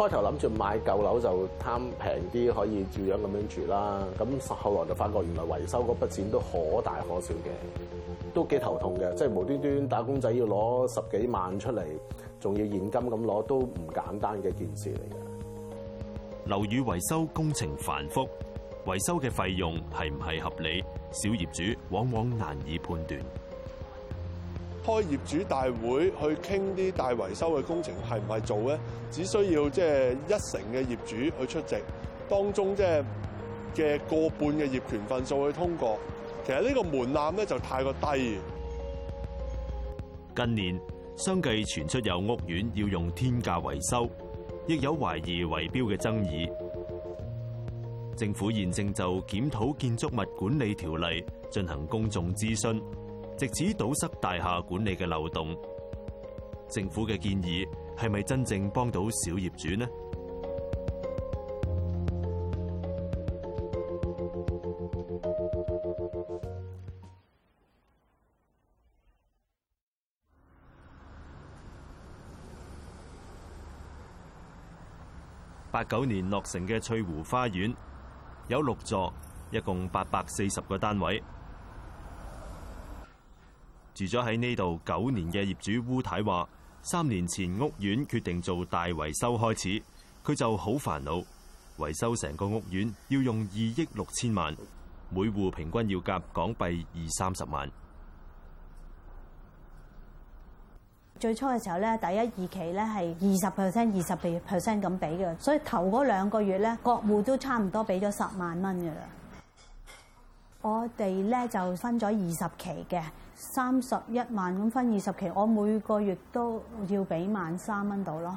開頭諗住買舊樓就貪平啲，可以照樣咁樣住啦。咁後來就發覺，原來維修嗰筆錢都可大可小嘅，都幾頭痛嘅。即係無端端打工仔要攞十幾萬出嚟，仲要現金咁攞，都唔簡單嘅一件事嚟嘅。樓宇維修工程繁複，維修嘅費用係唔係合理？小業主往往難以判斷。開業主大會去傾啲大維修嘅工程係唔係做咧？只需要即係一成嘅業主去出席，當中即係嘅過半嘅業權份數去通過，其實呢個門檻咧就太過低。近年相繼傳出有屋苑要用天價維修，亦有懷疑圍標嘅爭議。政府現正就檢討建築物管理條例進行公眾諮詢。直至堵塞大廈管理嘅漏洞，政府嘅建議係咪真正幫到小業主呢？八九年落成嘅翠湖花園有六座，一共八百四十個單位。住咗喺呢度九年嘅業主烏太話，三年前屋苑決定做大維修開始，佢就好煩惱。維修成個屋苑要用二億六千萬，每戶平均要夾港幣二三十萬。最初嘅時候咧，第一二期咧係二十 percent、二十 percent 咁俾嘅，所以頭嗰兩個月咧，各戶都差唔多俾咗十萬蚊噶啦。我哋咧就分咗二十期嘅。三十一萬咁分二十期，我每個月都要俾萬三蚊度咯。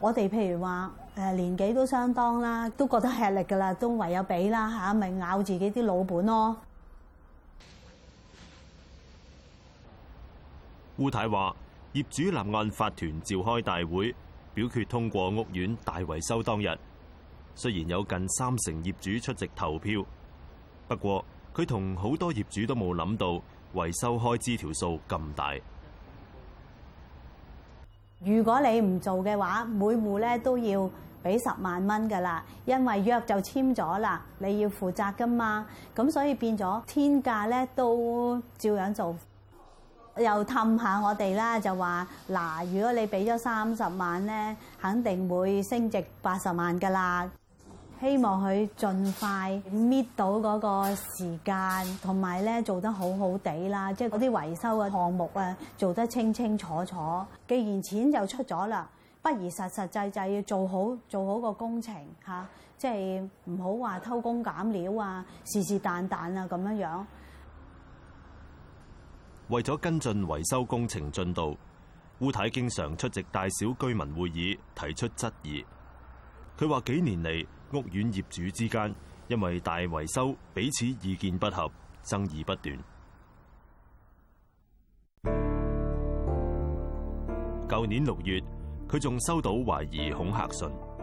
我哋譬如話誒年紀都相當啦，都覺得吃力㗎喇，都唯有俾啦吓，咪咬自己啲老本咯。烏太話：業主立案法團召開大會，表決通過屋苑大維修當日，雖然有近三成業主出席投票，不過佢同好多業主都冇諗到。維修開支條數咁大，如果你唔做嘅話，每戶咧都要俾十萬蚊噶啦，因為約就簽咗啦，你要負責噶嘛，咁所以變咗天價咧都照樣做，又氹下我哋啦，就話嗱，如果你俾咗三十萬咧，肯定會升值八十萬噶啦。希望佢盡快搣到嗰個時間，同埋咧做得好好哋啦，即係嗰啲維修嘅項目啊，做得清清楚楚。既然錢就出咗啦，不如實實際際要做好做好個工程吓、啊，即係唔好話偷工減料啊，事事淡淡啊、是是旦旦啊咁樣樣。為咗跟進維修工程進度，烏太經常出席大小居民會議提出質疑。佢話幾年嚟，屋苑業主之間因為大維修彼此意見不合，爭議不斷。舊年六月，佢仲收到懷疑恐嚇信。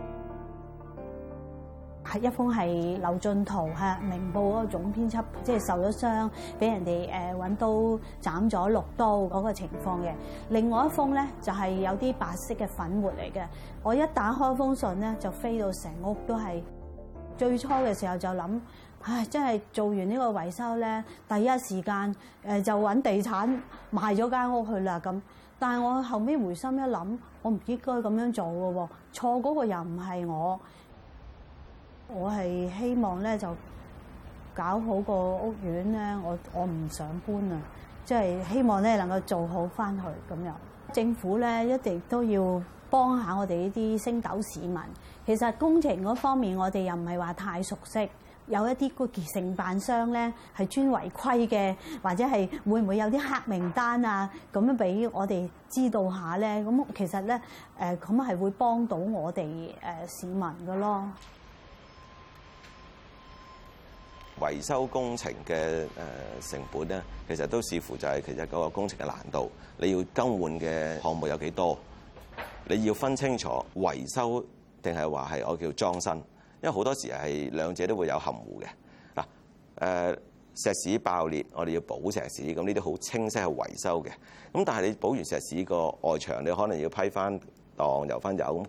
係一封係劉進圖係《明報》嗰個總編輯，即係受咗傷，俾人哋誒揾刀斬咗六刀嗰個情況嘅。另外一封咧就係、是、有啲白色嘅粉末嚟嘅。我一打開封信咧，就飛到成屋都係。最初嘅時候就諗，唉，真係做完呢個維修咧，第一時間誒就揾地產賣咗間屋去啦咁。但係我後尾回心一諗，我唔應該咁樣做嘅喎，錯嗰個又唔係我。我係希望咧，就搞好個屋苑咧。我我唔想搬啊，即係希望咧能夠做好翻去咁樣。政府咧一定都要幫下我哋呢啲星斗市民。其實工程嗰方面，我哋又唔係話太熟悉。有一啲個承辦商咧係專違規嘅，或者係會唔會有啲黑名單啊？咁樣俾我哋知道下咧，咁其實咧誒咁係會幫到我哋、呃、市民噶咯。維修工程嘅成本咧，其實都視乎就係、是、其實嗰個工程嘅難度，你要更換嘅項目有幾多？你要分清楚維修定係話係我叫裝新，因為好多時係兩者都會有含糊嘅、啊呃、石屎爆裂，我哋要補石屎，咁呢啲好清晰係維修嘅。咁但係你補完石屎個外牆，你可能要批翻檔，油翻油。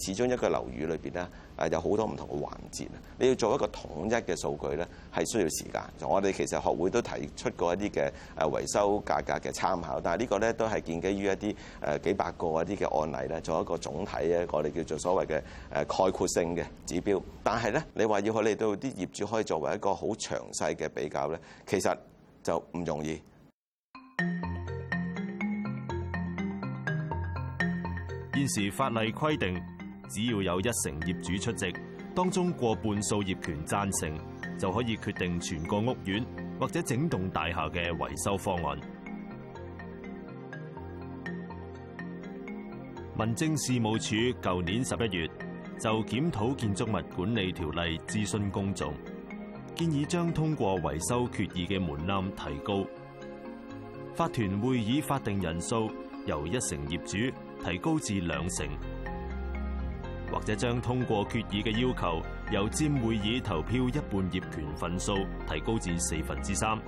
始終一個樓宇裏邊咧，誒有好多唔同嘅環節啊！你要做一個統一嘅數據咧，係需要時間。我哋其實學會都提出過一啲嘅誒維修價格嘅參考，但係呢個咧都係建基於一啲誒幾百個一啲嘅案例咧，做一個總體啊，我哋叫做所謂嘅誒概括性嘅指標。但係咧，你話要我哋到啲業主可以作為一個好詳細嘅比較咧，其實就唔容易。現時法例規定，只要有一成業主出席，當中過半數業權贊成，就可以決定全個屋苑或者整棟大廈嘅維修方案。民政事務處舊年十一月就檢討建築物管理條例諮詢公眾，建議將通過維修決議嘅門檻提高。法團會議法定人數由一成業主提高至兩成。或者將通過決議嘅要求由佔會議投票一半業權份數提高至四分之三。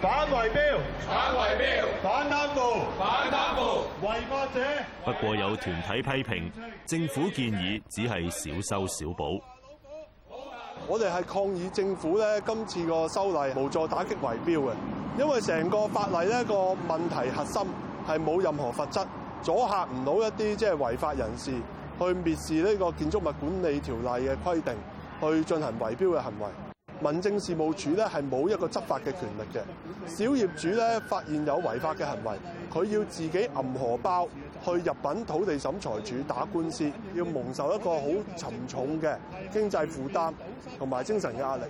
反圍標、反圍標、反貪腐、反貪腐違法者。法者，不過有團體批評，政府建議只係小修小補。我哋係抗議政府咧，今次個修例無助打擊圍標嘅，因為成個法例呢個問題核心係冇任何罰則，阻吓唔到一啲即係違法人士。去蔑視呢個建築物管理條例嘅規定，去進行圍標嘅行為。民政事務處呢係冇一個執法嘅權力嘅。小業主呢發現有違法嘅行為，佢要自己揞荷包去入稟土地審裁處打官司，要蒙受一個好沉重嘅經濟負擔同埋精神嘅壓力。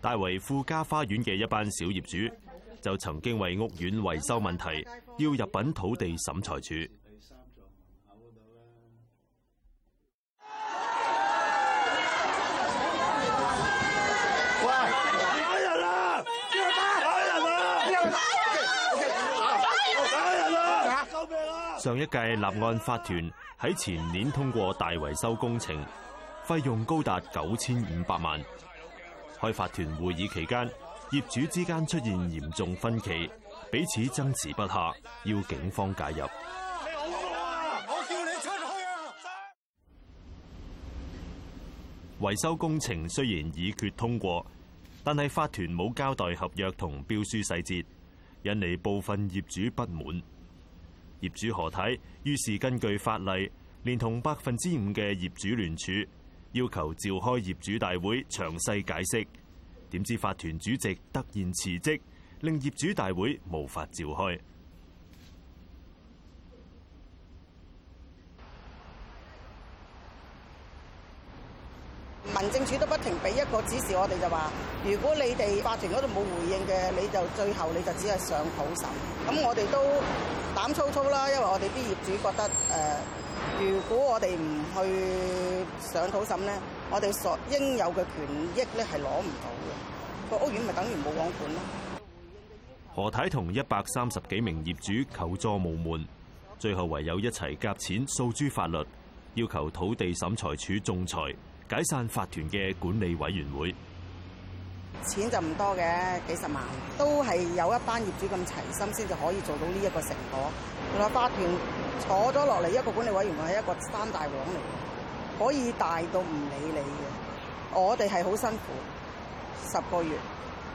大圍富嘉花園嘅一班小業主。就曾經為屋苑維修問題要入稟土地審裁處。上一屆立案法團喺前年通過大維修工程，費用高達九千五百萬。開法團會議期間，業主之間出現嚴重分歧，彼此爭持不下，要警方介入。啊啊、維修工程雖然已決通過，但係法團冇交代合約同標書細節，引嚟部分業主不滿。業主何太於是根據法例，連同百分之五嘅業主聯署，要求召開業主大會，詳細解釋。點知法團主席突然辭職，令業主大會無法召開。民政處都不停俾一個指示，我哋就話：如果你哋法團嗰度冇回應嘅，你就最後你就只係上土審。咁我哋都膽粗粗啦，因為我哋啲業主覺得誒、呃，如果我哋唔去上土審咧。我哋所應有嘅權益咧，係攞唔到嘅。個屋苑咪等於冇王管咯。何太同一百三十幾名業主求助無門，最後唯有一齊夾錢訴諸法律，要求土地審裁處仲裁解散法團嘅管理委員會。錢就唔多嘅，幾十萬都係有一班業主咁齊心先至可以做到呢一個成果。原來法團坐咗落嚟，一個管理委員會係一個山大王嚟。可以大到唔理你嘅，我哋係好辛苦，十個月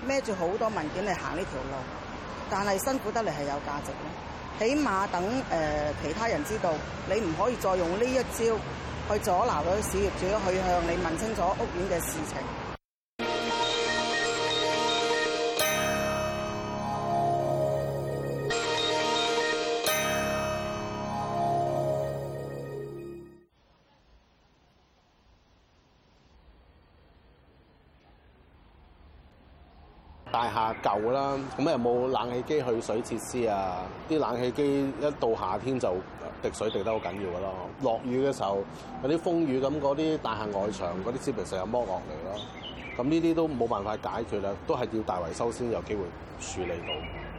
孭住好多文件嚟行呢條路，但係辛苦得嚟係有價值嘅，起碼等誒、呃、其他人知道，你唔可以再用呢一招去阻撓啲小業主去向你問清楚屋苑嘅事情。舊啦，咁又冇冷氣機去水設施啊！啲冷氣機一到夏天就滴水滴得好緊要噶咯。落雨嘅時候有啲風雨，咁嗰啲大廈外牆嗰啲磚成日剝落嚟咯。咁呢啲都冇辦法解決啦，都係要大維修先有機會處理到。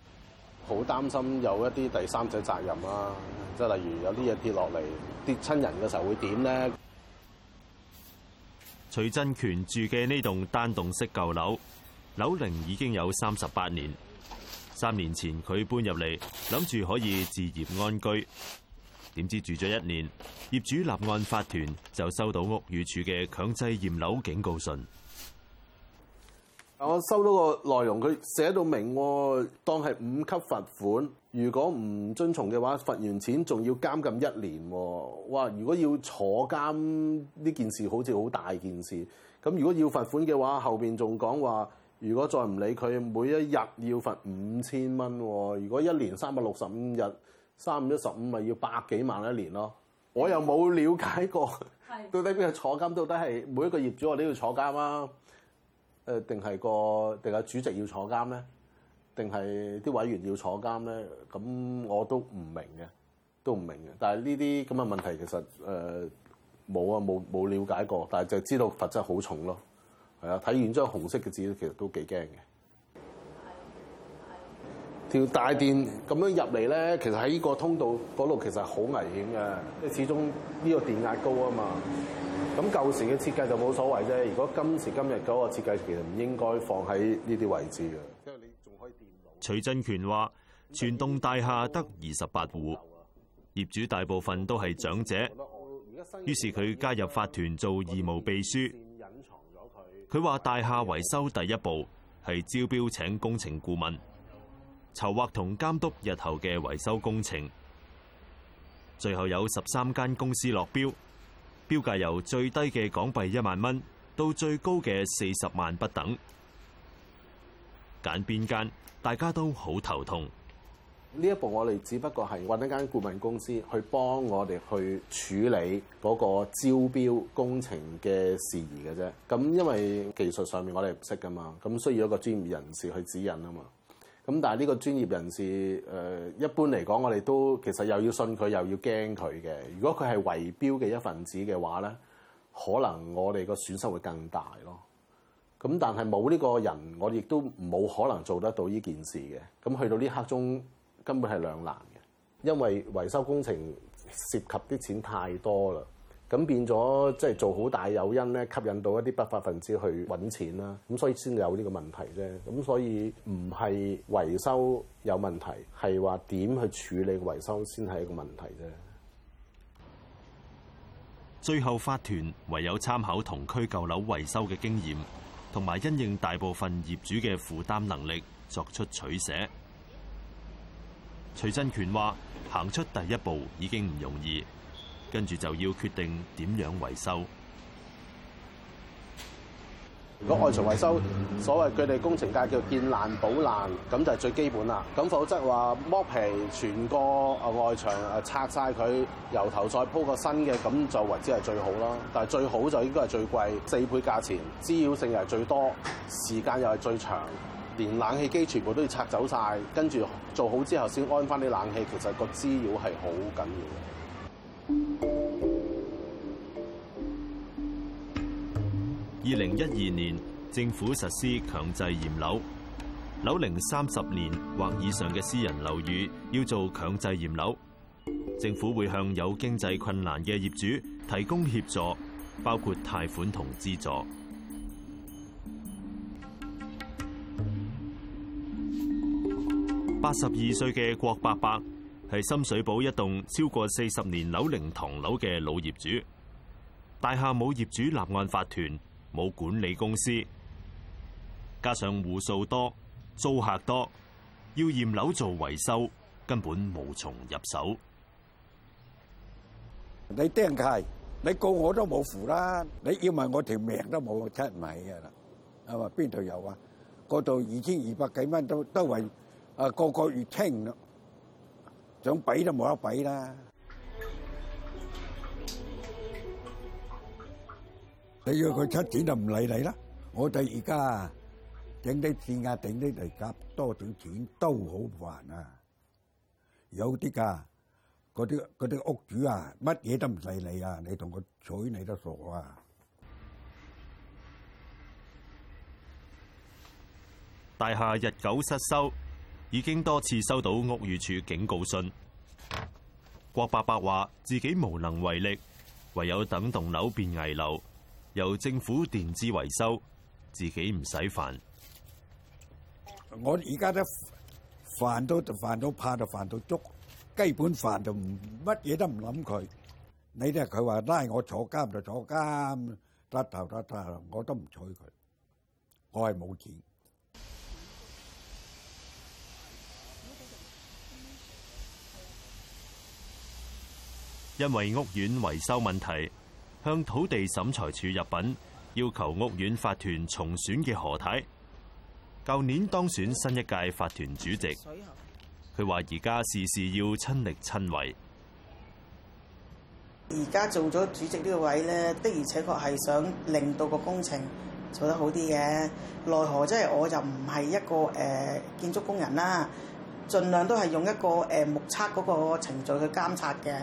好擔心有一啲第三者責任啦，即係例如有啲嘢跌落嚟跌親人嘅時候會點呢？徐真權住嘅呢棟單棟式舊樓。樓齡已經有三十八年，三年前佢搬入嚟，諗住可以置業安居，點知住咗一年，業主立案法團就收到屋宇署嘅強制驗樓警告信。我收到個內容，佢寫到明，我當係五級罰款，如果唔遵從嘅話，罰完錢仲要監禁一年。哇，如果要坐監呢件事，好似好大件事。咁如果要罰款嘅話，後邊仲講話。如果再唔理佢，每一日要罰五千蚊，如果一年三百六十五日，三五一十五咪要百幾萬一年咯。我又冇了解過，的到底邊個坐監？到底係每一個業主我都要坐監啦？誒、呃，定係個定係主席要坐監咧？定係啲委員要坐監咧？咁我都唔明嘅，都唔明嘅。但係呢啲咁嘅問題其實誒冇啊，冇、呃、冇了解過，但係就知道罰則好重咯。睇完張紅色嘅紙，其實都幾驚嘅。條大電咁樣入嚟咧，其實喺呢個通道嗰度其實好危險嘅，即係始終呢個電壓高啊嘛。咁舊時嘅設計就冇所謂啫。如果今時今日嗰個設計其實唔應該放喺呢啲位置嘅，因為你仲開電腦。徐振權話：全棟大廈得二十八戶，業主大部分都係長者，於是佢加入法團做義務秘書。佢話大廈維修第一步係招標，請工程顧問籌劃同監督日後嘅維修工程，最後有十三間公司落標，標價由最低嘅港幣一萬蚊到最高嘅四十萬不等，揀邊間大家都好頭痛。呢一步我哋只不過係搵一間顧問公司去幫我哋去處理嗰個招標工程嘅事宜嘅啫。咁因為技術上面我哋唔識㗎嘛，咁需要一個專業人士去指引啊嘛。咁但係呢個專業人士誒，一般嚟講我哋都其實又要信佢又要驚佢嘅。如果佢係圍標嘅一份子嘅話咧，可能我哋個損失會更大咯。咁但係冇呢個人，我哋亦都冇可能做得到呢件事嘅。咁去到呢刻中。根本係兩難嘅，因為維修工程涉及啲錢太多啦，咁變咗即係做好大誘因咧，吸引到一啲不法分子去搵錢啦，咁所以先有呢個問題啫。咁所以唔係維修有問題，係話點去處理維修先係一個問題啫。最後法團唯有參考同區舊樓維修嘅經驗，同埋因應大部分業主嘅負擔能力，作出取捨。徐振權話：行出第一步已經唔容易，跟住就要決定點樣維修。如果外牆維修，所謂佢哋工程界叫見爛補爛，咁就係最基本啦。咁否則話剝皮全個外牆拆晒佢，由頭再鋪個新嘅，咁就為之係最好啦。但係最好就應該係最貴，四倍價錢，滋擾性又係最多，時間又係最長。連冷氣機全部都要拆走晒，跟住做好之後先安翻啲冷氣。其實個滋擾係好緊要嘅。二零一二年政府實施強制驗樓，樓齡三十年或以上嘅私人樓宇要做強制驗樓。政府會向有經濟困難嘅業主提供協助，包括貸款同資助。八十二歲嘅郭伯伯係深水埗一棟超過四十年樓齡唐樓嘅老業主，大廈冇業主立案法團，冇管理公司，加上戶數多、租客多，要驗樓做維修根本無從入手。你釘契，你告我都冇符啦。你要埋我條命都冇出唔起噶啦，係嘛？邊度有啊？嗰度二千二百幾蚊都都為。啊！個個越聽咯，想畀都冇得畀啦！你要佢出錢就唔理你啦。我哋而家整啲字押，整啲地甲，多點錢都好煩啊！有啲噶，嗰啲嗰啲屋主啊，乜嘢都唔理你啊，你同佢取你都傻啊！大廈日久失修。已經多次收到屋宇署警告信，郭伯伯話自己無能為力，唯有等棟樓變危樓，由政府墊資維修，自己唔使煩。我而家都煩到煩到怕到煩到足，基本煩到乜嘢都唔諗佢。你咧佢話拉我坐監就坐監，得頭得頭，我都唔睬佢。我係冇錢。因為屋苑維修問題，向土地審裁處入禀，要求屋苑法團重選嘅何太，舊年當選新一屆法團主席。佢話：而家事事要親力親為。而家做咗主席呢個位呢，的而且確係想令到個工程做得好啲嘅。奈何即係我就唔係一個誒、呃、建築工人啦，盡量都係用一個誒、呃、目測嗰個程序去監察嘅。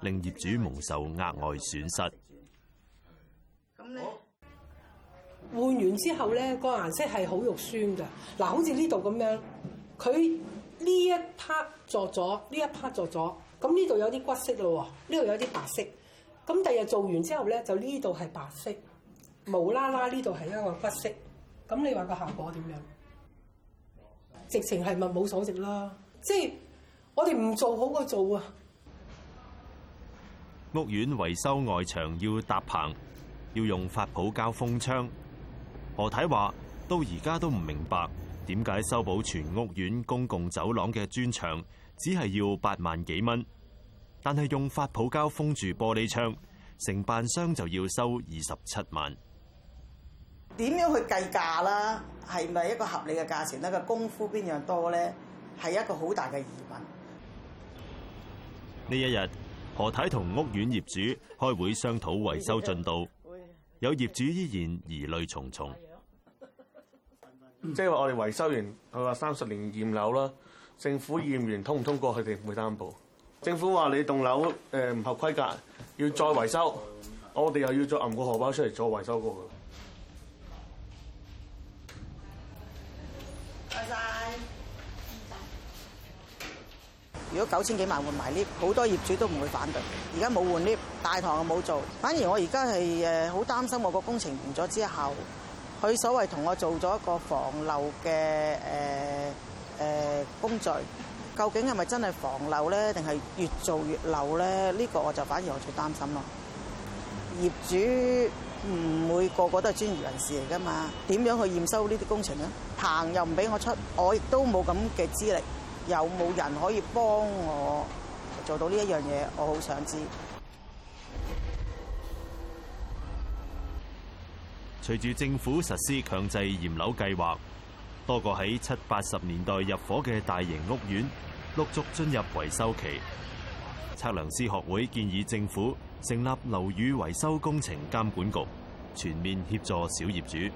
令業主蒙受額外損失。咁咧換完之後咧，個顏色係好肉酸噶。嗱，好似呢度咁樣，佢呢一 part 做咗，呢一 part 做咗，咁呢度有啲骨色咯。呢度有啲白色。咁第日做完之後咧，就呢度係白色，無啦啦呢度係一個骨色。咁你話個效果點樣？直情係咪冇所值啦。即係我哋唔做好個做啊！屋苑維修外牆要搭棚，要用發泡膠封窗。何太話到而家都唔明白，點解修補全屋苑公共走廊嘅磚牆，只係要八萬幾蚊，但係用發泡膠封住玻璃窗，承辦商就要收二十七萬。點樣去計價啦？係咪一個合理嘅價錢呢？個功夫邊樣多呢？係一個好大嘅疑問。呢一日。何太同屋苑業主開會商討維修進度，有業主依然疑慮重重。即係話我哋維修完，佢話三十年驗樓啦，政府驗完通唔通過佢哋唔會擔保。政府話你棟樓誒唔合規格，要再維修，我哋又要再揞個荷包出嚟再維修過㗎。如果九千幾萬換埋 lift，好多業主都唔會反對。而家冇換 lift，大堂又冇做，反而我而家係誒好擔心我個工程完咗之後，佢所謂同我做咗一個防漏嘅誒誒工序，究竟係咪真係防漏咧，定係越做越漏咧？呢個我就反而我最擔心咯。業主唔會個個都係專業人士嚟㗎嘛？點樣去驗收呢啲工程咧？棚又唔俾我出，我亦都冇咁嘅資歷。有冇人可以幫我做到呢一樣嘢？我好想知道。隨住政府實施強制驗樓計劃，多個喺七八十年代入伙嘅大型屋苑陸續進入維修期。測量師學會建議政府成立樓宇維修工程監管局，全面協助小業主。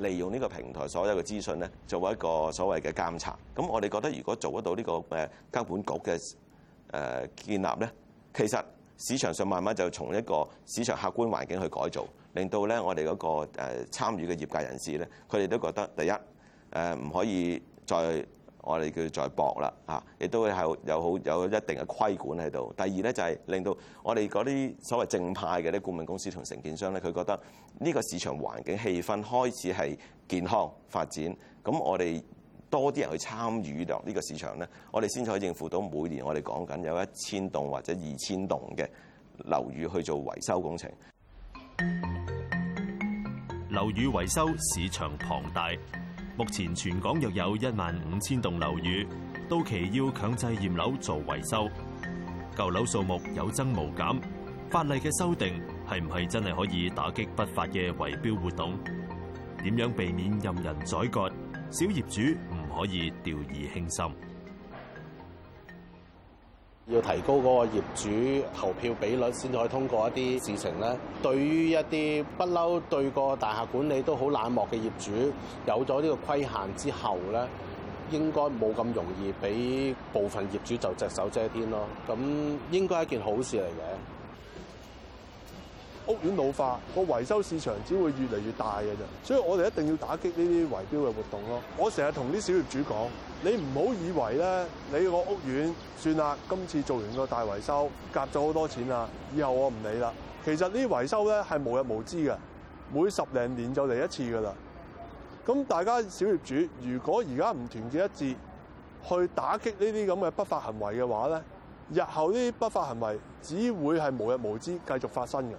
利用呢個平台所有嘅資訊咧，作為一個所謂嘅監察。咁我哋覺得，如果做得到呢個誒監管局嘅誒建立咧，其實市場上慢慢就從一個市場客觀環境去改造，令到咧我哋嗰個誒參與嘅業界人士咧，佢哋都覺得第一誒唔可以再。我哋叫做再搏啦，嚇！亦都會係有好有一定嘅規管喺度。第二咧就係令到我哋嗰啲所謂正派嘅啲顧問公司同承建商咧，佢覺得呢個市場環境氣氛開始係健康發展。咁我哋多啲人去參與落呢個市場咧，我哋先可以應付到每年我哋講緊有一千棟或者二千棟嘅樓宇去做維修工程。樓宇維修市場龐大。目前全港約有一萬五千棟樓宇，到期要強制驗樓做維修，舊樓數目有增無減，法例嘅修訂係唔係真係可以打擊不法嘅圍標活動？點樣避免任人宰割？小業主唔可以掉以輕心。要提高嗰個業主投票比率，先可以通過一啲事情咧。對於一啲不嬲對個大廈管理都好冷漠嘅業主，有咗呢個規限之後咧，應該冇咁容易俾部分業主就隻手遮天咯。咁應該係一件好事嚟嘅。屋苑老化，個維修市場只會越嚟越大嘅。啫，所以我哋一定要打擊呢啲圍標嘅活動咯。我成日同啲小業主講，你唔好以為咧，你個屋苑算啦，今次做完個大維修夾咗好多錢啦，以後我唔理啦。其實呢維修咧係無日無之嘅，每十零年就嚟一次噶啦。咁大家小業主，如果而家唔團結一致去打擊呢啲咁嘅不法行為嘅話咧，日後呢啲不法行為只會係無日無之，繼續發生嘅。